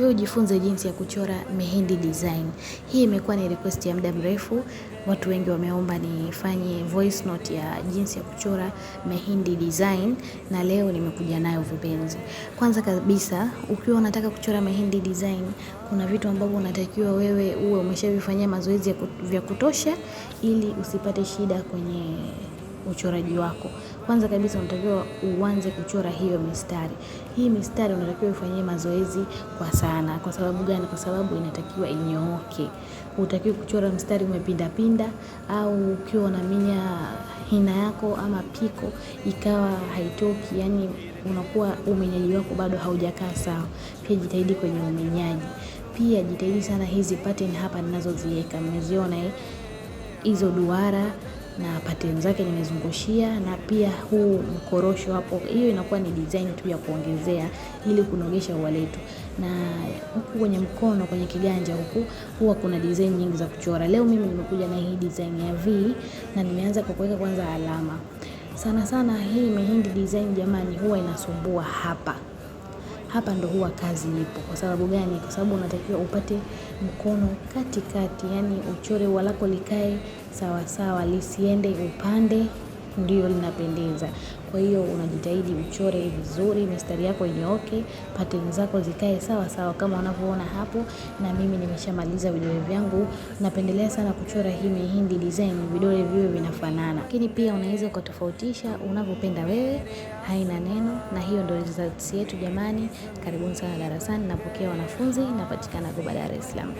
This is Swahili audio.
Njoo ujifunze jinsi ya kuchora mehindi design. Hii imekuwa ni request ya muda mrefu. Watu wengi wameomba nifanye voice note ya jinsi ya kuchora mehndi design na leo nimekuja nayo vipenzi. Kwanza kabisa, ukiwa unataka kuchora mehindi design, kuna vitu ambavyo unatakiwa wewe uwe umeshavifanyia mazoezi ya kutosha ili usipate shida kwenye uchoraji wako. Kwanza kabisa unatakiwa uanze kuchora hiyo mistari. Hii mistari unatakiwa ifanyie mazoezi kwa sana. Kwa sababu gani? Kwa sababu inatakiwa inyooke. utakiwa kuchora mstari umepinda pinda au ukiwa unaminya hina yako ama piko ikawa haitoki, yani unakuwa umenyaji wako bado haujakaa sawa. Pia jitahidi kwenye umenyaji. Pia jitahidi sana hizi pattern hapa ninazoziweka, mmeziona eh? hizo duara na pattern zake nimezungushia, na pia huu mkorosho hapo, hiyo inakuwa ni design tu ya kuongezea ili kunogesha ua letu. Na huku kwenye mkono, kwenye kiganja huku, huwa kuna design nyingi za kuchora. Leo mimi nimekuja na hii design ya V na nimeanza kwa kuweka kwanza alama. Sana sana hii mihindi design jamani, huwa inasumbua hapa hapa ndo huwa kazi ipo. Kwa sababu gani? Kwa sababu unatakiwa upate mkono katikati, yani uchore walako likae sawasawa, lisiende upande ndio linapendeza. Kwa hiyo unajitahidi uchore vizuri, mistari yako inyooke, pateni zako zikae sawa sawa kama unavyoona hapo. Na mimi nimeshamaliza vidole vyangu. Napendelea sana kuchora hii mihindi design, vidole viwe vinafanana, lakini pia unaweza ukatofautisha unavyopenda wewe, haina neno. Na hiyo ndio results yetu jamani. Karibuni sana darasani, napokea wanafunzi, napatikana Goba, Dar es Salaam.